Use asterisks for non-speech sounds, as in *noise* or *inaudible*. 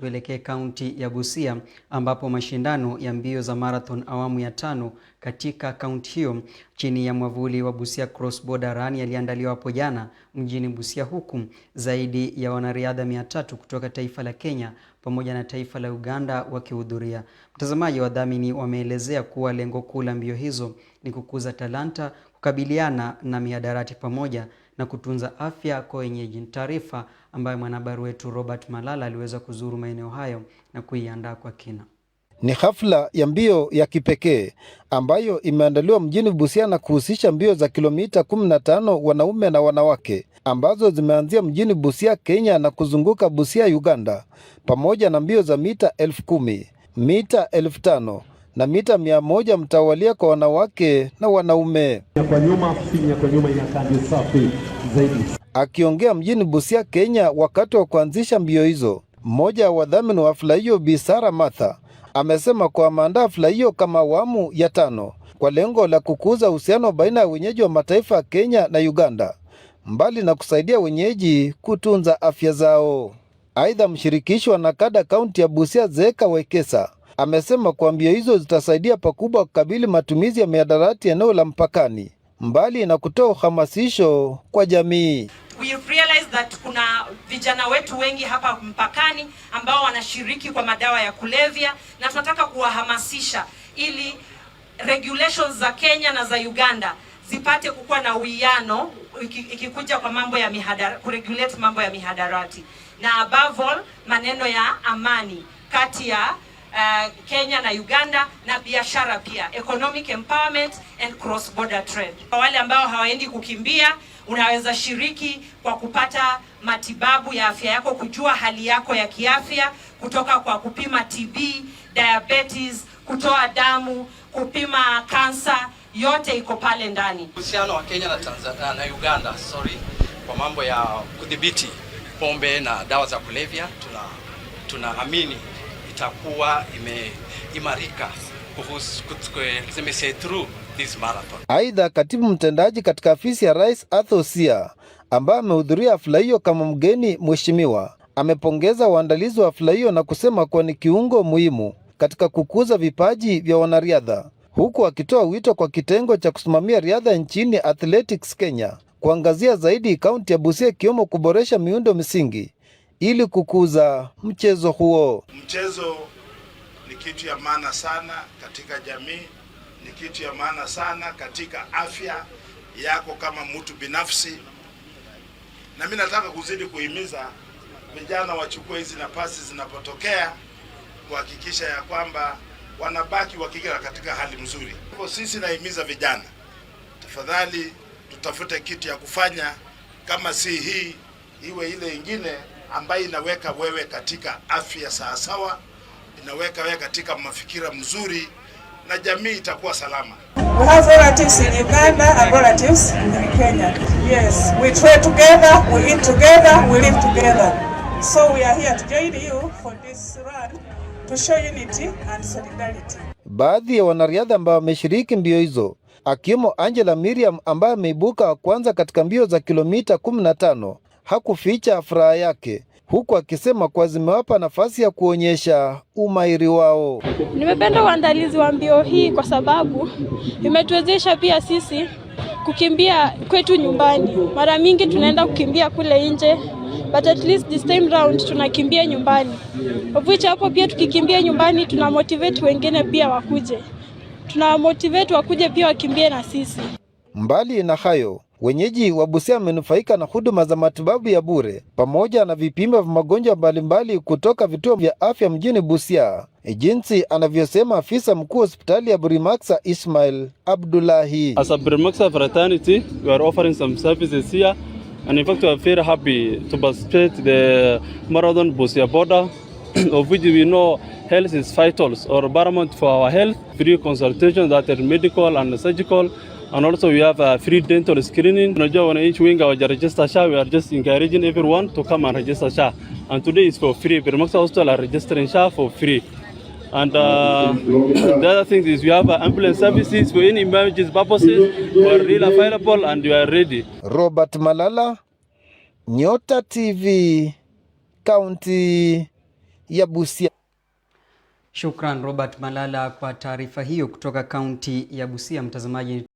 Tuelekee kaunti ya Busia ambapo mashindano ya mbio za marathon awamu ya tano katika kaunti hiyo chini ya mwavuli wa Busia Cross Border Run yaliandaliwa hapo jana mjini Busia, huku zaidi ya wanariadha mia tatu kutoka taifa la Kenya pamoja na taifa la Uganda wakihudhuria. Mtazamaji, wadhamini wameelezea kuwa lengo kuu la mbio hizo ni kukuza talanta kukabiliana na mihadarati pamoja na kutunza afya kwa wenyeji. Ni taarifa ambayo mwanahabari wetu Robert Malala aliweza kuzuru maeneo hayo na kuiandaa kwa kina. Ni hafla ya mbio ya kipekee ambayo imeandaliwa mjini Busia na kuhusisha mbio za kilomita 15 wanaume na wanawake ambazo zimeanzia mjini Busia, Kenya na kuzunguka Busia, Uganda, pamoja na mbio za mita elfu kumi, mita elfu tano na mita mia moja mtawalia kwa wanawake na wanaume. Akiongea mjini Busia, Kenya, wakati wa kuanzisha mbio hizo, mmoja wa wadhamini wa hafla hiyo Bi Sara Martha amesema kwa maandaa hafla hiyo kama awamu ya tano kwa lengo la kukuza uhusiano baina ya wenyeji wa mataifa ya Kenya na Uganda, mbali na kusaidia wenyeji kutunza afya zao. Aidha, mshirikishi wa nakada kaunti ya Busia Zeka Wekesa amesema kwa mbio hizo zitasaidia pakubwa kukabili matumizi ya mihadarati eneo la mpakani, mbali na kutoa uhamasisho kwa jamii. We realize that kuna vijana wetu wengi hapa mpakani ambao wanashiriki kwa madawa ya kulevya, na tunataka kuwahamasisha ili regulations za Kenya na za Uganda zipate kukuwa na uwiano ikikuja kwa mambo ya mihadara, kuregulate mambo ya mihadarati na above all maneno ya amani kati ya uh, Kenya na Uganda na biashara pia, economic empowerment and cross border trade. Kwa wale ambao hawaendi kukimbia, unaweza shiriki kwa kupata matibabu ya afya yako, kujua hali yako ya kiafya kutoka kwa kupima TB, diabetes, kutoa damu, kupima kansa, yote iko pale ndani. Uhusiano wa Kenya na Tanzania na Uganda, sorry, kwa mambo ya kudhibiti pombe na dawa za kulevya, tuna tunaamini itakuwa imeimarika Aidha, katibu mtendaji katika afisi ya Rais Arthur ambaye amehudhuria hafla hiyo kama mgeni mheshimiwa, amepongeza uandalizi wa hafla hiyo na kusema kuwa ni kiungo muhimu katika kukuza vipaji vya wanariadha, huku akitoa wito kwa kitengo cha kusimamia riadha nchini Athletics Kenya kuangazia zaidi kaunti ya Busia ikiwemo kuboresha miundo msingi ili kukuza mchezo huo. Mchezo ni kitu ya maana sana katika jamii, ni kitu ya maana sana katika afya yako kama mtu binafsi, na mimi nataka kuzidi kuhimiza vijana wachukue hizi nafasi zinapotokea, kuhakikisha ya kwamba wanabaki wakikaa katika hali mzuri. Kwa sisi nahimiza vijana, tafadhali tutafute kitu ya kufanya, kama si hii iwe ile ingine ambayo inaweka wewe katika afya sawasawa, inaweka wewe katika mafikira mzuri na jamii itakuwa salama. We have relatives in Uganda and relatives in Kenya. Yes, we trade together, we eat together, we live together. So we are here to join you for this run to show unity and solidarity. Baadhi ya wanariadha ambao wameshiriki mbio hizo akiwemo Angela Miriam ambaye ameibuka wa kwanza katika mbio za kilomita 15 hakuficha furaha yake huku akisema kuwa zimewapa nafasi ya kuonyesha umahiri wao. Nimependa uandalizi wa mbio hii kwa sababu imetuwezesha pia sisi kukimbia kwetu nyumbani. Mara mingi tunaenda kukimbia kule nje, but at least this time round tunakimbia nyumbani, of hapo pia tukikimbia nyumbani tuna motivate wengine pia wakuje, tuna motivate wakuje pia wakimbie na sisi. Mbali na hayo Wenyeji wa Busia wamenufaika na huduma za matibabu ya bure pamoja na vipimo vya magonjwa mbalimbali kutoka vituo vya afya mjini Busia, jinsi anavyosema afisa mkuu hospitali ya Burimaxa Ismail Abdullahi. As a Burimaxa fraternity, we are offering some services here and in fact we are very happy to participate the marathon Busia border *clears throat* of which we know health is vital or paramount for our health. Free consultation that are medical and surgical And also we have a uh, free dental screening. Unajua wananchi wengi hawajaregister SHA. We are just encouraging everyone to come and register SHA. And today is for free. Permaxa Hospital are registering SHA for free. And uh, the other thing is we have uh, ambulance services for any emergency purposes. We are really available and we are ready. Robert Malala, Nyota TV, County ya Busia. Shukran Robert Malala kwa taarifa hiyo kutoka kaunti ya Busia, mtazamaji.